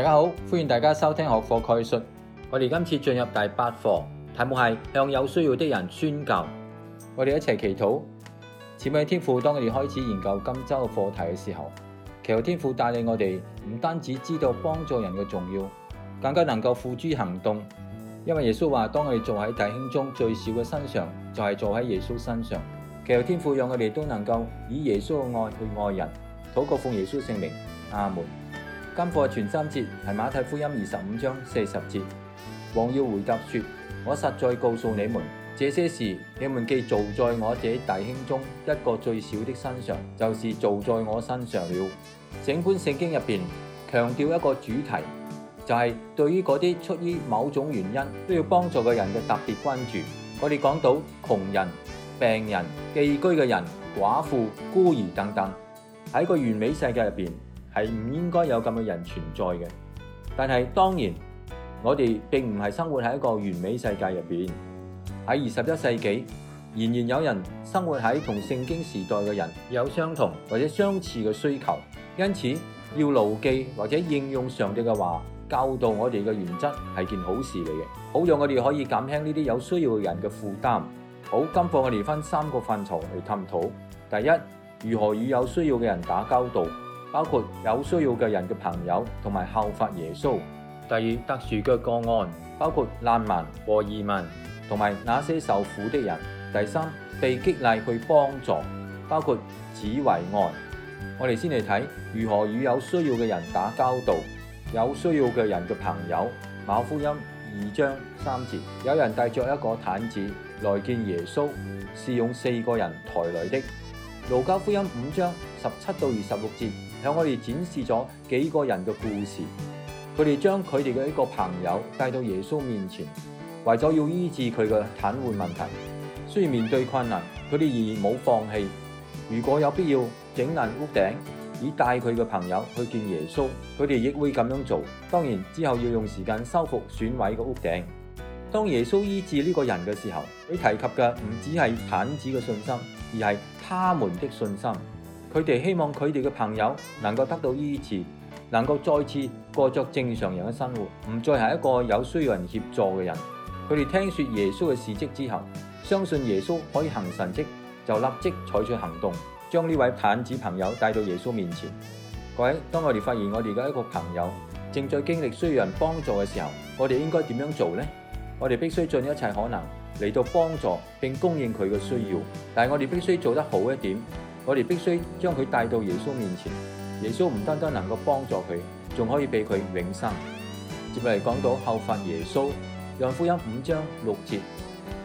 大家好，歡迎大家收聽學課概述。我哋今次進入第八課，題目係向有需要的人宣教。我哋一齊祈禱，賜我天父。當我哋開始研究今周嘅課題嘅時候，祈求天父帶領我哋，唔單止知道幫助人嘅重要，更加能夠付諸行動。因為耶穌話：當我哋做喺弟兄中最小嘅身上，就係做喺耶穌身上。祈求天父讓我哋都能夠以耶穌嘅愛去愛人，禱告奉耶穌聖名，阿門。今課全三節係馬太福音二十五章四十節。王要回答說：我實在告訴你們，這些事你們既做在我這弟兄中一個最小的身上，就是做在我身上了。整本聖經入邊強調一個主題，就係、是、對於嗰啲出於某種原因都要幫助嘅人嘅特別關注。我哋講到窮人、病人、寄居嘅人、寡婦、孤兒等等，喺個完美世界入邊，係唔應該有咁嘅人存在嘅，但係當然我哋並唔係生活喺一個完美世界入邊。喺二十一世紀，仍然有人生活喺同聖經時代嘅人有相同或者相似嘅需求，因此要牢記或者應用上帝嘅話，教導我哋嘅原則係件好事嚟嘅，好讓我哋可以減輕呢啲有需要嘅人嘅負擔。好，今課我哋分三個範疇嚟探討：第一，如何與有需要嘅人打交道。包括有需要嘅人嘅朋友同埋效法耶穌。第二，特殊嘅個案，包括難民和移民，同埋那些受苦的人。第三，被激勵去幫助，包括只為案。我哋先嚟睇如何與有需要嘅人打交道。有需要嘅人嘅朋友，馬福音二章三節，有人帶着一個癱子來見耶穌，是用四個人抬來的。路加福音五章十七到二十六節。向我哋展示咗幾個人嘅故事，佢哋將佢哋嘅一個朋友帶到耶穌面前，為咗要醫治佢嘅癱瘓問題，雖然面對困難，佢哋仍然冇放棄。如果有必要整爛屋頂，以帶佢嘅朋友去見耶穌，佢哋亦會咁樣做。當然之後要用時間修復損毀嘅屋頂。當耶穌醫治呢個人嘅時候，佢提及嘅唔止係癱子嘅信心，而係他們的信心。佢哋希望佢哋嘅朋友能夠得到醫治，能夠再次過着正常人嘅生活，唔再係一個有需要有人協助嘅人。佢哋聽說耶穌嘅事蹟之後，相信耶穌可以行神蹟，就立即採取行動，將呢位癱子朋友帶到耶穌面前。各位，當我哋發現我哋嘅一個朋友正在經歷需要人幫助嘅時候，我哋應該點樣做咧？我哋必須盡一切可能嚟到幫助並供應佢嘅需要，但係我哋必須做得好一點。我哋必須將佢帶到耶穌面前。耶穌唔單單能夠幫助佢，仲可以俾佢永生。接落嚟講到後法耶穌，讓福音五章六節。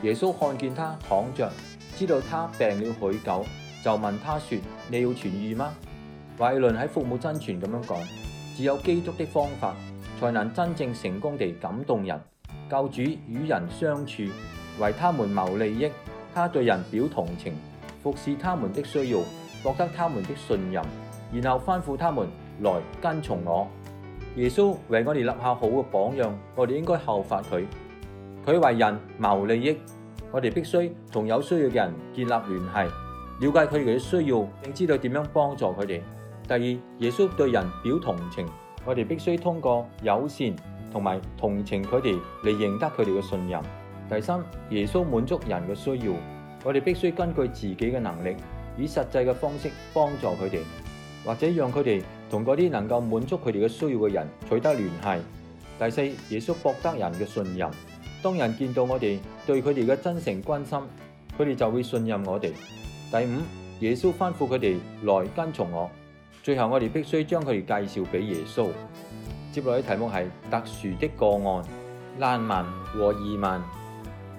耶穌看見他躺着，知道他病了許久，就問他說：你要痊愈嗎？懷倫喺服務真詮咁樣講，只有基督的方法才能真正成功地感動人。教主與人相處，為他們謀利益，他對人表同情。服侍他們的需要，獲得他們的信任，然後吩咐他們來跟從我。耶穌為我哋立下好嘅榜樣，我哋應該效法佢。佢為人謀利益，我哋必須同有需要嘅人建立聯繫，了解佢哋嘅需要，並知道點樣幫助佢哋。第二，耶穌對人表同情，我哋必須通過友善同埋同情佢哋嚟贏得佢哋嘅信任。第三，耶穌滿足人嘅需要。我哋必須根據自己嘅能力，以實際嘅方式幫助佢哋，或者讓佢哋同嗰啲能夠滿足佢哋嘅需要嘅人取得聯繫。第四，耶穌博得人嘅信任，當人見到我哋對佢哋嘅真誠關心，佢哋就會信任我哋。第五，耶穌吩咐佢哋來跟從我。最後，我哋必須將佢哋介紹俾耶穌。接來嘅接落嚟嘅題目係特殊的個案、難民和移民，《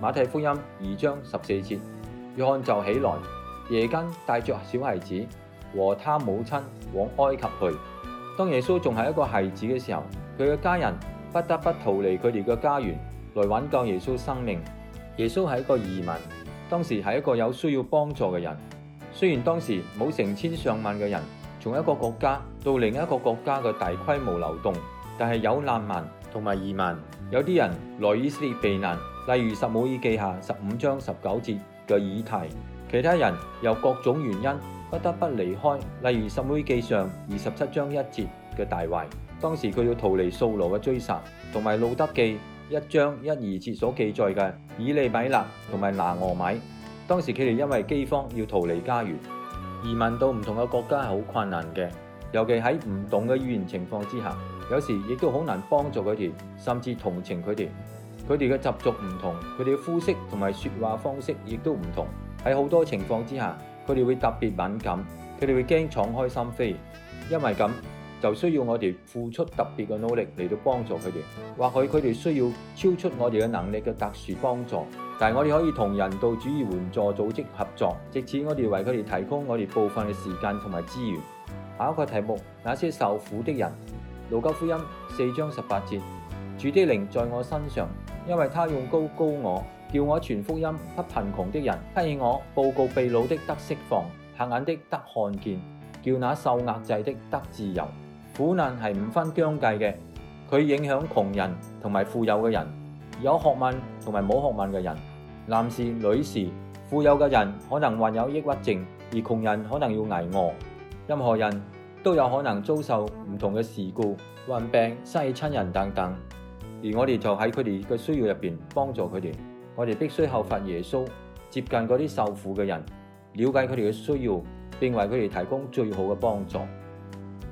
馬太福音》二章十四節。約翰就起來，夜間帶着小孩子和他母親往埃及去。當耶穌仲係一個孩子嘅時候，佢嘅家人不得不逃離佢哋嘅家園，來挽救耶穌生命。耶穌係一個移民，當時係一個有需要幫助嘅人。雖然當時冇成千上萬嘅人從一個國家到另一個國家嘅大規模流動，但係有難民同埋移民。 有啲人來以色列避難，例如《十母爾記下》十五章十九節。嘅議題，其他人有各種原因不得不離開，例如《撒母耳記》上二十七章一節嘅大衛，當時佢要逃離掃羅嘅追殺；同埋《路得記》一章一二節所記載嘅以利米勒同埋拿俄米，當時佢哋因為饑荒要逃離家園，移民到唔同嘅國家係好困難嘅，尤其喺唔同嘅語言情況之下，有時亦都好難幫助佢哋，甚至同情佢哋。佢哋嘅習俗唔同，佢哋嘅膚色同埋説話方式亦都唔同。喺好多情況之下，佢哋會特別敏感，佢哋會驚敞開心扉。因為咁，就需要我哋付出特別嘅努力嚟到幫助佢哋。或許佢哋需要超出我哋嘅能力嘅特殊幫助，但係我哋可以同人道主義援助組織合作，藉此我哋為佢哋提供我哋部分嘅時間同埋資源。下一個題目：那些受苦的人。路加福音四章十八節：主的靈在我身上。因為他用高高我，叫我傳福音給貧窮的人，欺我報告被擄的得釋放，瞎眼的得看見，叫那受壓制的得自由。苦難係唔分疆界嘅，佢影響窮人同埋富有嘅人，有學問同埋冇學問嘅人，男士女士，富有嘅人可能患有抑鬱症，而窮人可能要挨餓。任何人都有可能遭受唔同嘅事故、患病、失去親人等等。而我哋就喺佢哋嘅需要入邊幫助佢哋，我哋必須效法耶穌接近嗰啲受苦嘅人，了解佢哋嘅需要，並為佢哋提供最好嘅幫助。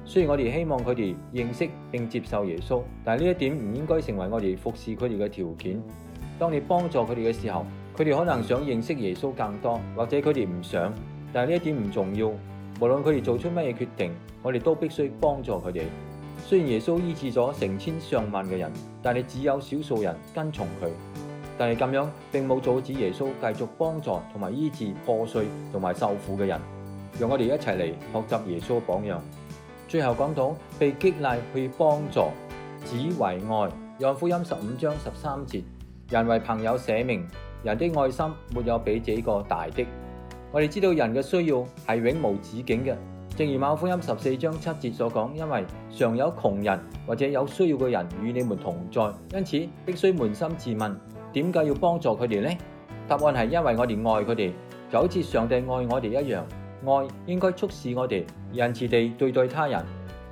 雖然我哋希望佢哋認識並接受耶穌，但係呢一點唔應該成為我哋服侍佢哋嘅條件。當你幫助佢哋嘅時候，佢哋可能想認識耶穌更多，或者佢哋唔想，但係呢一點唔重要。無論佢哋做出乜嘢決定，我哋都必須幫助佢哋。雖然耶穌醫治咗成千上萬嘅人，但係只有少數人跟從佢，但係咁樣並冇阻止耶穌繼續幫助同埋醫治破碎同埋受苦嘅人。讓我哋一齊嚟學習耶穌嘅榜樣。最後講到被激勵去幫助，只為愛。讓福音十五章十三節：人為朋友捨命，人的愛心沒有比這個大的。我哋知道人嘅需要係永無止境嘅。正如《馬可福音》十四章七節所講，因為常有窮人或者有需要嘅人與你們同在，因此必須捫心自問，點解要幫助佢哋呢？答案係因為我哋愛佢哋，就好似上帝愛我哋一樣。愛應該促使我哋仁慈地對待他人，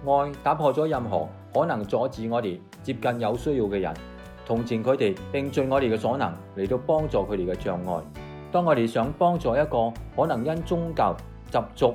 愛打破咗任何可能阻止我哋接近有需要嘅人、同情佢哋，並盡我哋嘅所能嚟到幫助佢哋嘅障礙。當我哋想幫助一個可能因宗教習俗，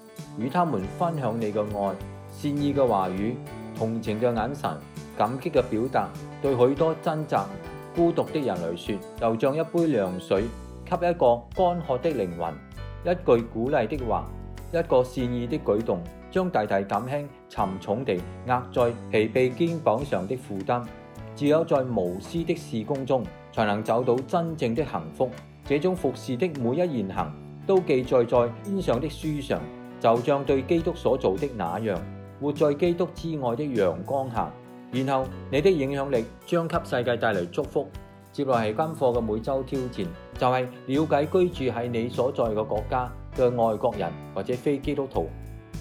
與他們分享你嘅愛、善意嘅話語、同情嘅眼神、感激嘅表達，對許多掙扎、孤獨的人來說，就像一杯涼水，給一個乾渴的靈魂；一句鼓勵的話，一個善意的舉動，將大大減輕沉重地壓在疲憊肩，肩膀上的負擔。只有在無私的事工中，才能找到真正的幸福。這種服侍的每一言行，都記載在天上的書上。就像對基督所做的那樣，活在基督之外的陽光下，然後你的影響力將給世界帶嚟祝福。接落嚟係今課嘅每周挑戰就係了解居住喺你所在嘅國家嘅外國人或者非基督徒。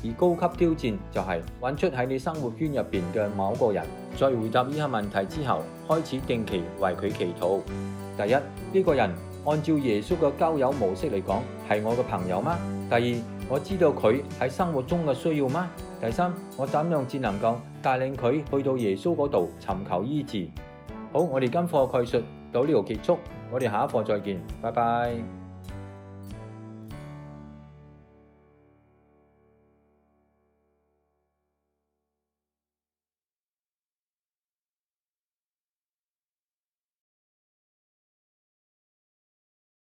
而高級挑戰就係揾出喺你生活圈入邊嘅某個人，在回答呢個問題之後，開始定期為佢祈禱。第一，呢個人按照耶穌嘅交友模式嚟講，係我嘅朋友嗎？第二。我知道佢喺生活中嘅需要嗎？第三，我怎樣先能夠帶領佢去到耶穌嗰度尋求醫治？好，我哋今課嘅概述到呢度結束，我哋下一課再見，拜拜。